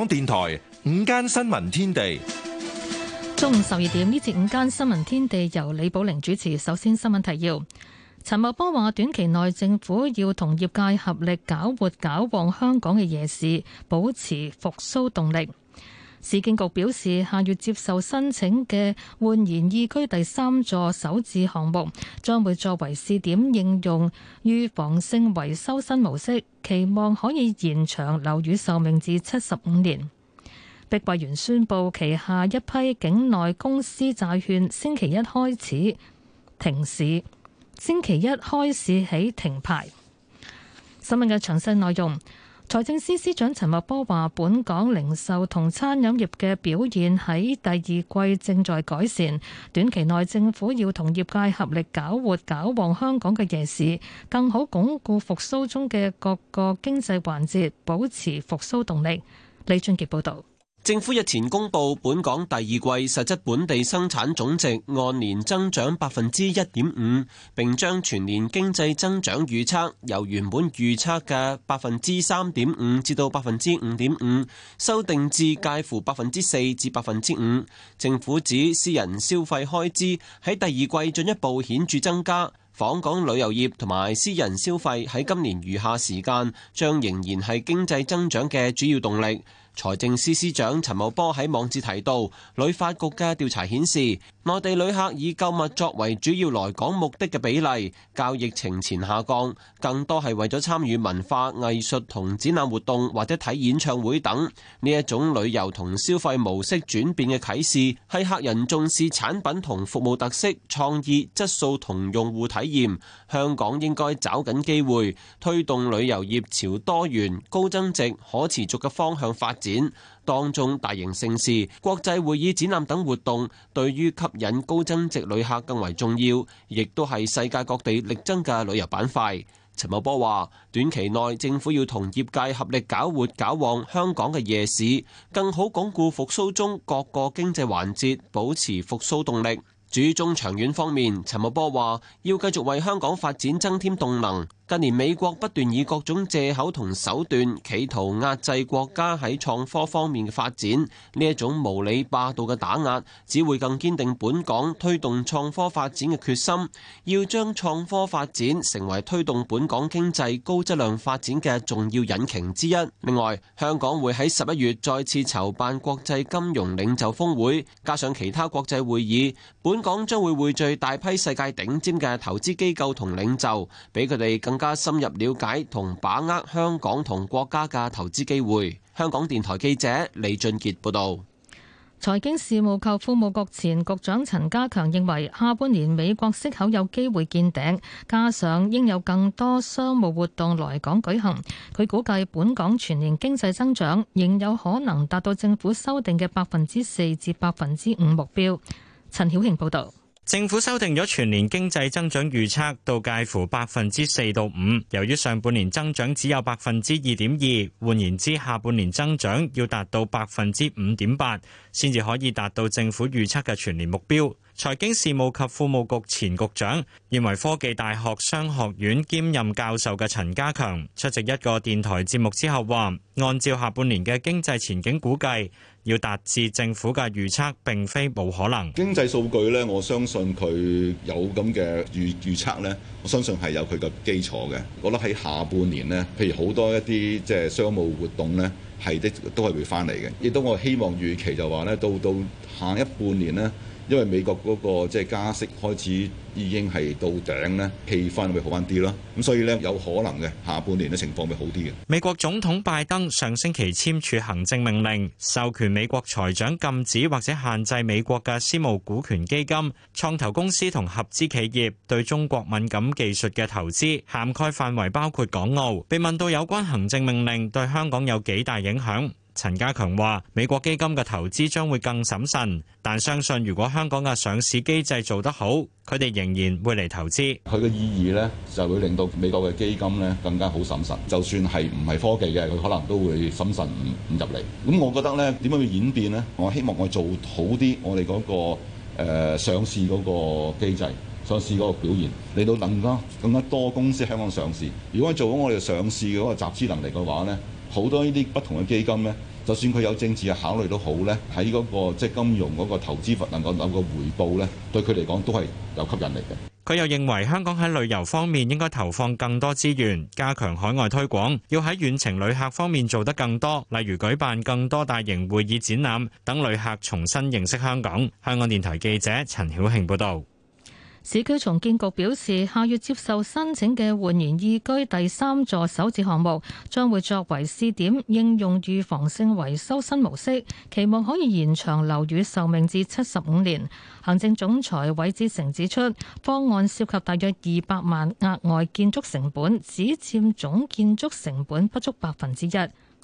港電台午間新聞天地，中午十二點，呢節午間新聞天地由李寶玲主持。首先新聞提要：陳茂波話短期內政府要同業界合力，搞活搞旺香港嘅夜市，保持復甦動力。市建局表示，下月接受申請嘅煥然懿居第三座首置項目，將會作為試點應用預防性維修新模式，期望可以延長樓宇壽命至七十五年。碧桂園宣布，旗下一批境內公司債券星期一開始停市，星期一開始起停牌。新聞嘅詳細內容。財政司司長陳茂波話：本港零售同餐飲業嘅表現喺第二季正在改善，短期內政府要同業界合力搞活、搞旺香港嘅夜市，更好鞏固復甦中嘅各個經濟環節，保持復甦動力。李俊傑報導。政府日前公布本港第二季實質本地生產總值按年增長百分之一點五，並將全年經濟增長預測由原本預測嘅百分之三點五至到百分之五點五，修訂至介乎百分之四至百分之五。政府指私人消費開支喺第二季進一步顯著增加，訪港旅遊業同埋私人消費喺今年餘下時間將仍然係經濟增長嘅主要動力。財政司司長陳茂波喺網誌提到，旅發局嘅調查顯示，內地旅客以購物作為主要來港目的嘅比例較疫情前下降，更多係為咗參與文化藝術同展覽活動或者睇演唱會等。呢一種旅遊同消費模式轉變嘅啟示，係客人重視產品同服務特色、創意、質素同用戶體驗。香港應該找緊機會，推動旅遊業朝多元、高增值、可持續嘅方向發展。當中大型盛事、國際會議、展覽等活動，對於吸引高增值旅客更為重要，亦都係世界各地力爭嘅旅遊板塊。陳茂波話：短期內政府要同業界合力搞活搞旺香港嘅夜市，更好鞏固復蘇中各個經濟環節，保持復蘇動力。主中長遠方面，陳茂波話要繼續為香港發展增添動能。近年美國不斷以各種藉口同手段，企圖壓制國家喺創科方面嘅發展。呢一種無理霸道嘅打壓，只會更堅定本港推動創科發展嘅決心。要將創科發展成為推動本港經濟高質量發展嘅重要引擎之一。另外，香港會喺十一月再次籌辦國際金融領袖峰會，加上其他國際會議，本港將會匯聚大批世界頂尖嘅投資機構同領袖，俾佢哋更加深入了解同把握香港同國家嘅投資機會。香港電台記者李俊杰報道。財經事務及庫務局前局長陳家強認為，下半年美國息口有機會見頂，加上應有更多商務活動來港舉行。佢估計本港全年經濟增長仍有可能達到政府修訂嘅百分之四至百分之五目標。陳曉慶報道。政府修訂咗全年經濟增長預測到介乎百分之四到五，由於上半年增長只有百分之二點二，換言之，下半年增長要達到百分之五點八，先至可以達到政府預測嘅全年目標。財經事務及庫務局前局長，認為科技大學商學院兼任教授嘅陳家強出席一個電台節目之後話，按照下半年嘅經濟前景估計，要達至政府嘅預測並非冇可能。經濟數據咧，我相信佢有咁嘅預預測咧，我相信係有佢嘅基礎嘅。我覺得喺下半年咧，譬如好多一啲即係商務活動咧，係的都係會翻嚟嘅。亦都我希望預期就話咧，到到下一半年咧。因為美國嗰個即係加息開始已經係到頂咧，氣氛會好翻啲咯。咁所以咧，有可能嘅下半年嘅情況會好啲嘅。美國總統拜登上星期簽署行政命令，授權美國財長禁止或者限制美國嘅私募股權基金、創投公司同合資企業對中國敏感技術嘅投資，涵蓋範圍包括港澳。被問到有關行政命令對香港有幾大影響。陳家強話，美國基金嘅投資將會更審慎，但相信如果香港嘅上市機制做得好，佢哋仍然會嚟投資。佢嘅意義咧，就會令到美國嘅基金咧更加好審慎。就算係唔係科技嘅，佢可能都會審慎唔入嚟。咁我覺得咧，點樣去演變咧？我希望我做好啲、那個，我哋嗰個誒上市嗰個機制，上市嗰個表現，你到更加更加多公司喺香港上市。如果我做咗我哋上市嘅嗰個集資能力嘅話咧。好多呢啲不同嘅基金咧，就算佢有政治嘅考慮都好咧，喺嗰個即係金融嗰個投資份能夠攞個回報咧，對佢嚟講都係有吸引力嘅。佢又認為香港喺旅遊方面應該投放更多資源，加強海外推廣，要喺遠程旅客方面做得更多，例如舉辦更多大型會議、展覽等，旅客重新認識香港。香港電台記者陳曉慶報道。市區重建局表示，下月接受申請嘅煥然懿居第三座首置項目，將會作為試點，應用預防性維修新模式，期望可以延長樓宇壽命至七十五年。行政總裁韋志成指出，方案涉及大約二百萬額外建築成本，只佔總建築成本不足百分之一。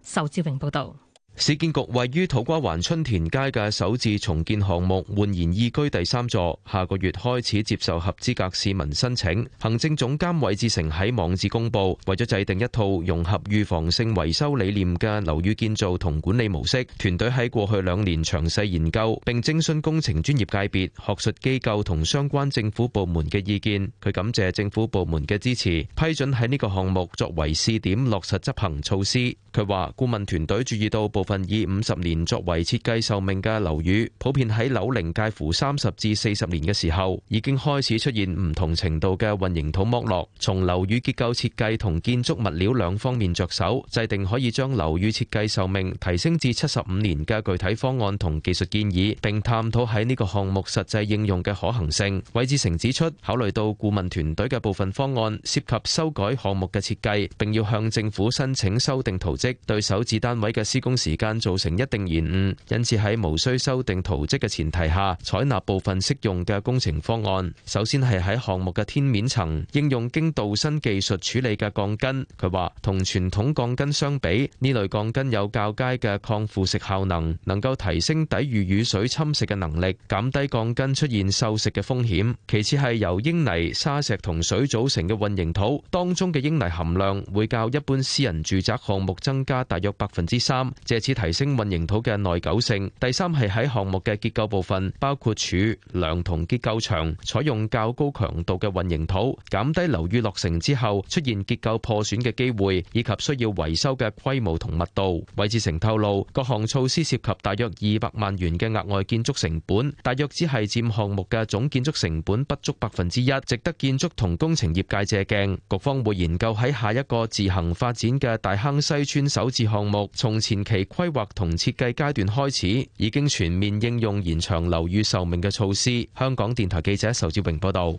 仇志榮報道。市建局位於土瓜灣春田街嘅首次重建項目煥然懿居第三座，下個月開始接受合資格市民申請。行政總監韋志成喺網志公佈，為咗制定一套融合預防性維修理念嘅樓宇建造同管理模式，團隊喺過去兩年詳細研究並徵詢工程專業界別、學術機構同相關政府部門嘅意見。佢感謝政府部門嘅支持，批准喺呢個項目作為試點，落實執行措施。佢話顧問團隊注意到部分以五十年作為設計壽命嘅樓宇，普遍喺樓齡介乎三十至四十年嘅時候，已經開始出現唔同程度嘅混凝土剝落。從樓宇結構設計同建築物料兩方面着手，制定可以將樓宇設計壽命提升至七十五年嘅具體方案同技術建議，並探討喺呢個項目實際應用嘅可行性。韋志成指出，考慮到顧問團隊嘅部分方案涉及修改項目嘅設計，並要向政府申請修訂圖則，對首置單位嘅施工時。間造成一定延誤，因此喺無需修訂圖則嘅前提下，採納部分適用嘅工程方案。首先係喺項目嘅天面層應用經鍍鋅技術處理嘅鋼筋。佢話同傳統鋼筋相比，呢類鋼筋有較佳嘅抗腐蝕效能，能夠提升抵禦雨水侵蝕嘅能力，減低鋼筋出現鏽蝕嘅風險。其次係由英泥、砂石同水組成嘅混凝土當中嘅英泥含量會較一般私人住宅項目增加大約百分之三，借此。次提升混凝土嘅耐久性。第三係喺項目嘅結構部分，包括柱、梁同結構牆，採用較高強度嘅混凝土，減低樓宇落成之後出現結構破損嘅機會，以及需要維修嘅規模同密度。韋志成透露，各項措施涉及大約二百萬元嘅額外建築成本，大約只係佔項目嘅總建築成本不足百分之一，值得建築同工程業界借鏡。局方會研究喺下一個自行發展嘅大坑西村首置項目，從前期。規劃同設計階段開始，已經全面應用延長樓宇壽命嘅措施。香港電台記者仇志榮報導。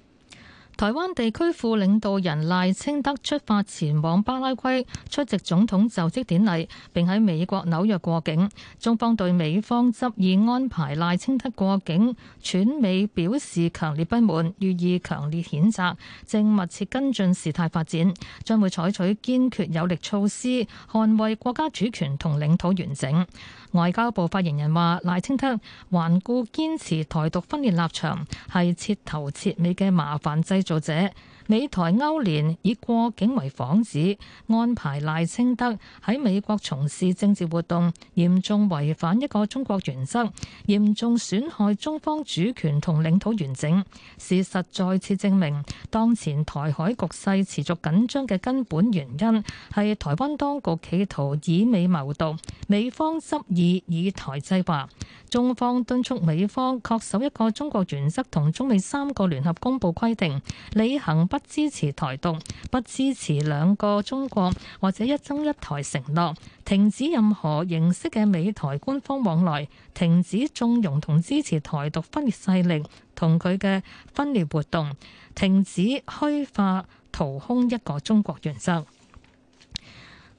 台灣地區副領導人賴清德出發前往巴拉圭出席總統就職典禮，並喺美國紐約過境。中方對美方執意安排賴清德過境竄美表示強烈不滿，予以強烈譴責，正密切跟進事態發展，將會採取堅決有力措施捍衛國家主權同領土完整。外交部發言人話：賴清德頑固堅持台獨分裂立場，係徹頭徹尾嘅麻煩製造者。美台勾連以過境為幌子安排賴清德喺美國從事政治活動，嚴重違反一個中國原則，嚴重損害中方主權同領土完整。事實再次證明，當前台海局勢持續緊張嘅根本原因係台灣當局企圖以美謀獨，美方執意以台制華。中方敦促美方恪守一個中國原則同中美三個聯合公佈規定，履行不不支持台獨，不支持兩個中國或者一中一台承諾，停止任何形式嘅美台官方往來，停止縱容同支持台獨分裂勢力同佢嘅分裂活動，停止虛化、掏空一個中國原則。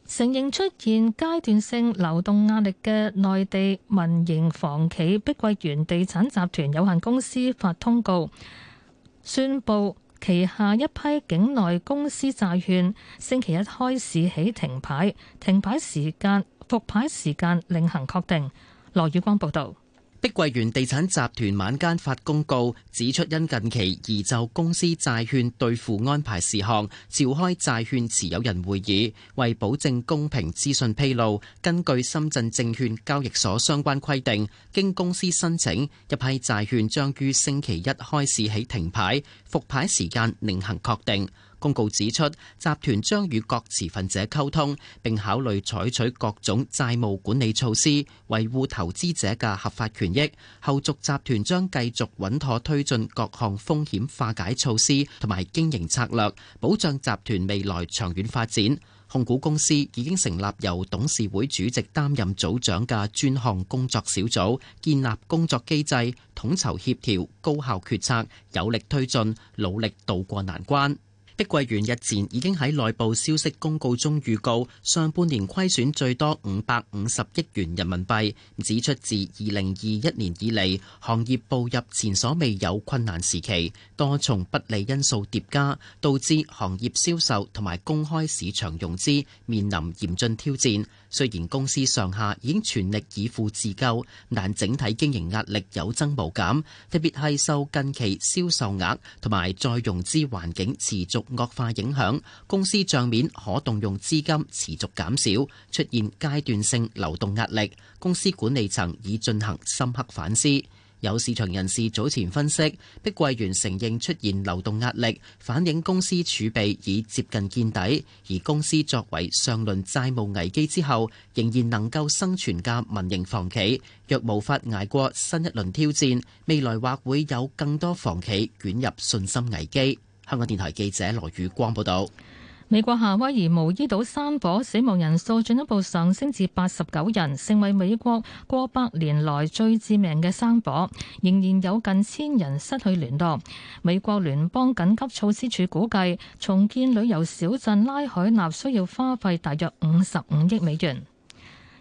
承認出現階段性流動壓力嘅內地民營房企碧桂園地產集團有限公司發通告宣布。旗下一批境內公司債券星期一開市起停牌，停牌時間、復牌時間另行確定。羅宇光報道。碧桂園地產集團晚間發公告，指出因近期移就公司債券兌付安排事項召開債券持有人會議，為保證公平資訊披露，根據深圳證券交易所相關規定，經公司申請，一批債券將於星期一開始起停牌，復牌時間另行確定。公告指出，集團將與各持份者溝通，並考慮採取各種債務管理措施，維護投資者嘅合法權益。後續集團將繼續穩妥推進各項風險化解措施同埋經營策略，保障集團未來長遠發展。控股公司已經成立由董事會主席擔任組長嘅專項工作小組，建立工作機制，統籌協調，高效決策，有力推進，努力渡過難關。碧桂園日前已經喺內部消息公告中預告，上半年虧損最多五百五十億元人民幣，指出自二零二一年以嚟，行業步入前所未有困難時期，多重不利因素疊加，導致行業銷售同埋公開市場融資面臨嚴峻挑戰。雖然公司上下已經全力以赴自救，但整體經營壓力有增無減，特別係受近期銷售額同埋再融資環境持續惡化影響，公司賬面可動用資金持續減少，出現階段性流動壓力。公司管理層已進行深刻反思。有市場人士早前分析，碧桂園承認出現流動壓力，反映公司儲備已接近見底。而公司作為上輪債務危機之後，仍然能夠生存嘅民營房企，若無法捱過新一輪挑戰，未來或會有更多房企捲入信心危機。香港電台記者羅宇光報道。美國夏威夷毛伊島山火死亡人數進一步上升至八十九人，成為美國過百年來最致命嘅山火，仍然有近千人失去聯絡。美國聯邦緊急措施處估計，重建旅遊小鎮拉海納需要花費大約五十五億美元。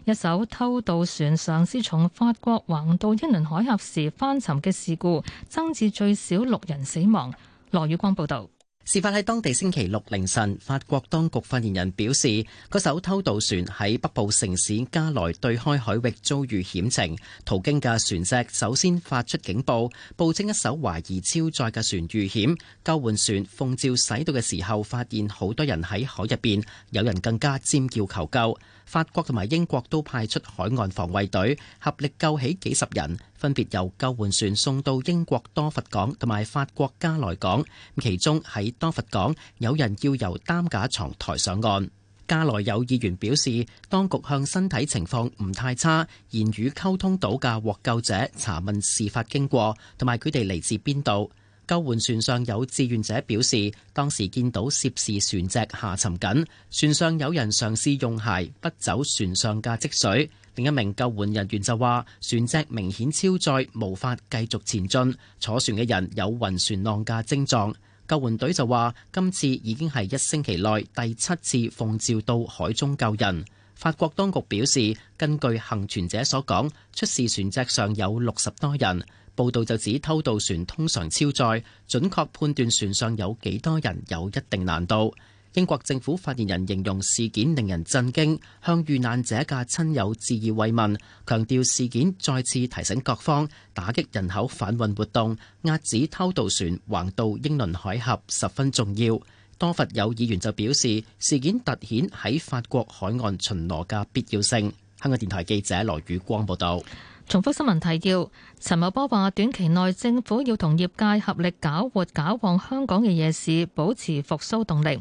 一艘偷渡船嘗試從法國橫渡英倫海峽時翻沉嘅事故，增至最少六人死亡。羅宇光報道。事發喺當地星期六凌晨，法國當局發言人表示，嗰艘偷渡船喺北部城市加萊對開海域遭遇險情，途經嘅船隻首先發出警報，報稱一艘懷疑超載嘅船遇險。救援船奉召駛到嘅時候，發現好多人喺海入邊，有人更加尖叫求救。法國同埋英國都派出海岸防衛隊，合力救起幾十人，分別由救援船送到英國多佛港同埋法國加來港。其中喺多佛港，有人要由擔架牀抬上岸。加來有議員表示，當局向身體情況唔太差、言語溝通到嘅獲救者查問事發經過同埋佢哋嚟自邊度。救援船上有志願者表示，當時見到涉事船隻下沉緊，船上有人嘗試用鞋不走船上嘅積水。另一名救援人員就話，船隻明顯超載，無法繼續前進。坐船嘅人有暈船浪嘅症狀。救援隊就話，今次已經係一星期內第七次奉召到海中救人。法國當局表示，根據幸存者所講，出事船隻上有六十多人。報道就指偷渡船通常超載，準確判斷船上有幾多人有一定難度。英國政府發言人形容事件令人震驚，向遇難者嘅親友致以慰問，強調事件再次提醒各方打擊人口販運活動、遏止偷渡船橫渡英倫海峽十分重要。多佛有議員就表示，事件突顯喺法國海岸巡邏嘅必要性。香港電台記者羅宇光報導。重複新聞提要。陳茂波話：短期內政府要同業界合力搞活、搞旺香港嘅夜市，保持復甦動力。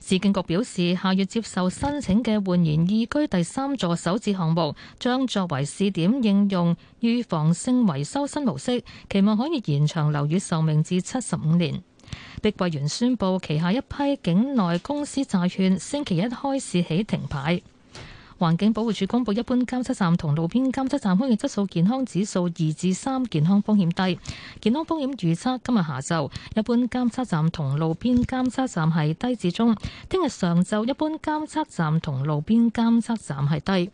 市建局表示，下月接受申請嘅煥然懿居第三座首置項目，將作為試點應用預防性維修新模式，期望可以延長樓宇壽命至七十五年。碧桂園宣布旗下一批境內公司債券星期一開始起停牌。環境保護署公布，一般監測站同路邊監測站空氣質素健康指數二至三，健康風險低。健康風險預測今日下晝，一般監測站同路邊監測站係低至中；聽日上晝，一般監測站同路邊監測站係低。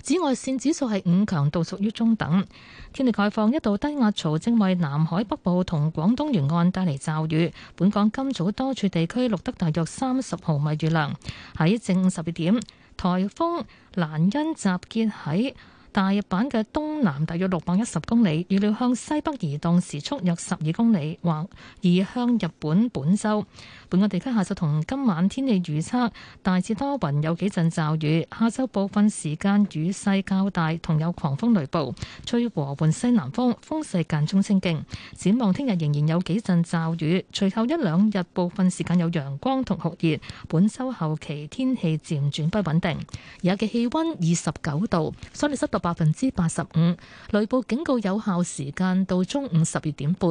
紫外線指數係五，強度屬於中等。天氣概況：一度低壓槽正為南海北部同廣東沿岸帶嚟驟雨。本港今早多處地區錄得大約三十毫米雨量。喺正十二點。台風蘭恩集結喺。大日版嘅東南，大約六百一十公里，預料向西北移動，時速約十二公里，或移向日本本州。本個地區下晝同今晚天氣預測大致多雲，有幾陣驟雨。下週部分時間雨勢較大，同有狂風雷暴，吹和緩西南風，風勢間中清勁。展望聽日仍然有幾陣驟雨，隨後一兩日部分時間有陽光同酷熱，本周後期天氣漸轉不穩定，而家嘅氣溫二十九度，相對濕度百分之八十五，雷暴警告有效時間到中午十二點半。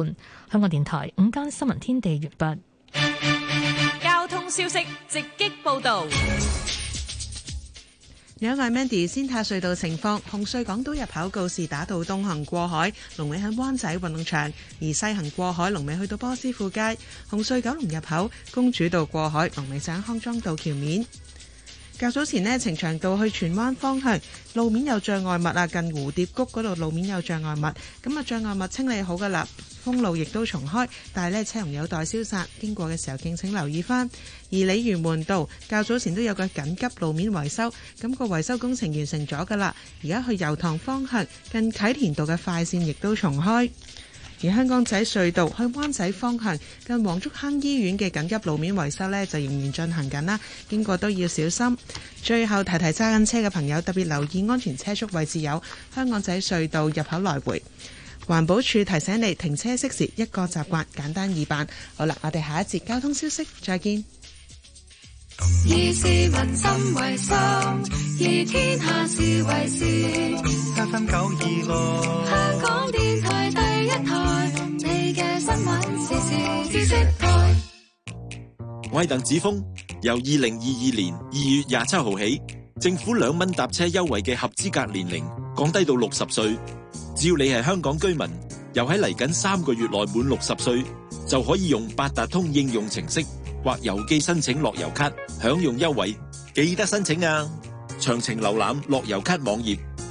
香港電台午間新聞天地完畢。交通消息直擊報道。有位 Mandy 先睇隧道情況，紅隧港島入口告示打道東行過海，龍尾喺灣仔運動場；而西行過海龍尾去到波斯富街。紅隧九龍入口公主道過海龍尾上康莊道橋面。較早前呢，呈祥道去荃灣方向路面有障礙物啊，近蝴蝶谷嗰度路面有障礙物，咁啊障礙物清理好噶啦，封路亦都重開，但係呢，車龍有待消散，經過嘅時候敬請留意翻。而鯉魚門道較早前都有個緊急路面維修，咁個維修工程完成咗噶啦，而家去油塘方向近啟田道嘅快綫亦都重開。而香港仔隧道去灣仔方向，近黃竹坑醫院嘅緊急路面維修呢，就仍然進行緊啦，經過都要小心。最後提提揸緊車嘅朋友，特別留意安全車速位置，有香港仔隧道入口來回。環保署提醒你，停車熄匙一個習慣，簡單易辦。好啦，我哋下一節交通消息，再見。以市民心為我係鄧子峰，由二零二二年二月廿七號起，政府兩蚊搭車優惠嘅合資格年齡降低到六十歲。只要你係香港居民，又喺嚟緊三個月內滿六十歲，就可以用八達通應用程式或郵寄申請樂悠咭，享用優惠。記得申請啊！詳情瀏覽樂悠咭網頁。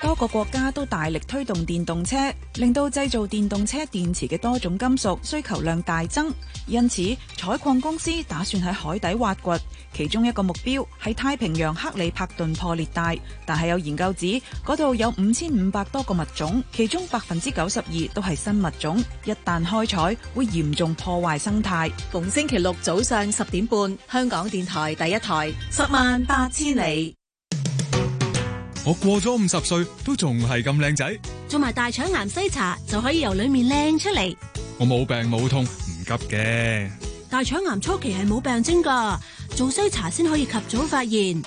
多個國家都大力推動電動車，令到製造電動車電池嘅多種金屬需求量大增。因此，採礦公司打算喺海底挖掘，其中一個目標喺太平洋克里帕頓破裂帶。但係有研究指，嗰度有五千五百多個物種，其中百分之九十二都係新物種。一旦開採，會嚴重破壞生態。逢星期六早上十點半，香港電台第一台，十萬八千里。我過咗五十歲都仲係咁靚仔，做埋大腸癌篩查就可以由裏面靚出嚟。我冇病冇痛，唔急嘅。大腸癌初期係冇病徵噶，做篩查先可以及早發現。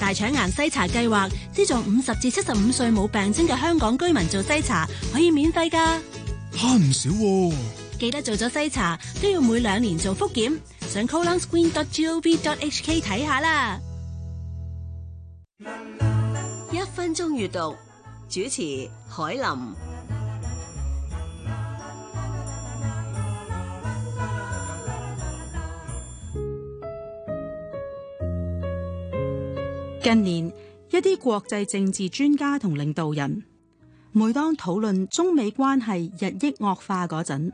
大腸癌篩查計劃資助五十至七十五歲冇病徵嘅香港居民做篩查，可以免費噶，慳唔少。記得做咗篩查都要每兩年做覆檢，上 colonscreen.gov.hk 睇下啦。一分鐘閱讀。主持海林。近年，一啲國際政治專家同領導人，每當討論中美關係日益惡化嗰陣，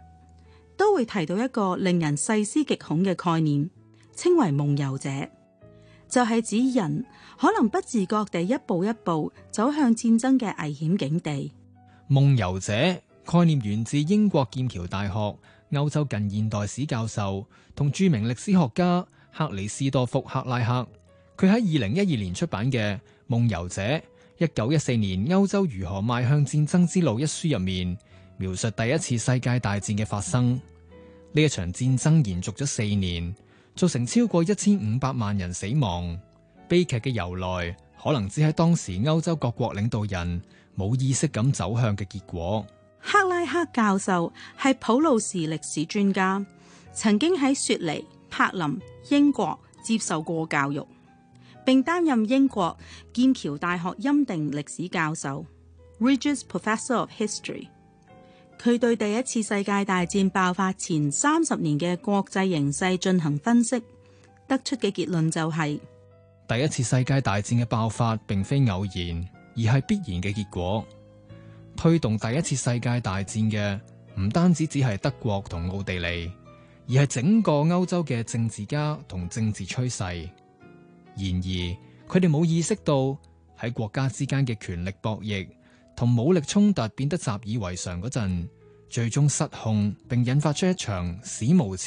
都會提到一個令人細思極恐嘅概念，稱為夢遊者。就係指人可能不自覺地一步一步走向戰爭嘅危險境地。夢遊者概念源自英國劍橋大學歐洲近現代史教授同著名歷史學家克里斯多福·克拉克。佢喺二零一二年出版嘅《夢遊者：一九一四年歐洲如何邁向戰爭之路》一書入面，描述第一次世界大戰嘅發生。呢一場戰爭延續咗四年。造成超過一千五百萬人死亡，悲劇嘅由來可能只係當時歐洲各國領導人冇意識咁走向嘅結果。克拉克教授係普魯士歷史專家，曾經喺雪梨、柏林、英國接受過教育，並擔任英國劍橋大學欽定歷史教授 Regius Professor of History）。佢對第一次世界大戰爆發前三十年嘅國際形勢進行分析，得出嘅結論就係：第一次世界大戰嘅爆發並非偶然，而係必然嘅結果。推動第一次世界大戰嘅唔單止只係德國同奧地利，而係整個歐洲嘅政治家同政治趨勢。然而，佢哋冇意識到喺國家之間嘅權力博弈。同武力衝突變得習以為常陣，最終失控並引發出一場史無前。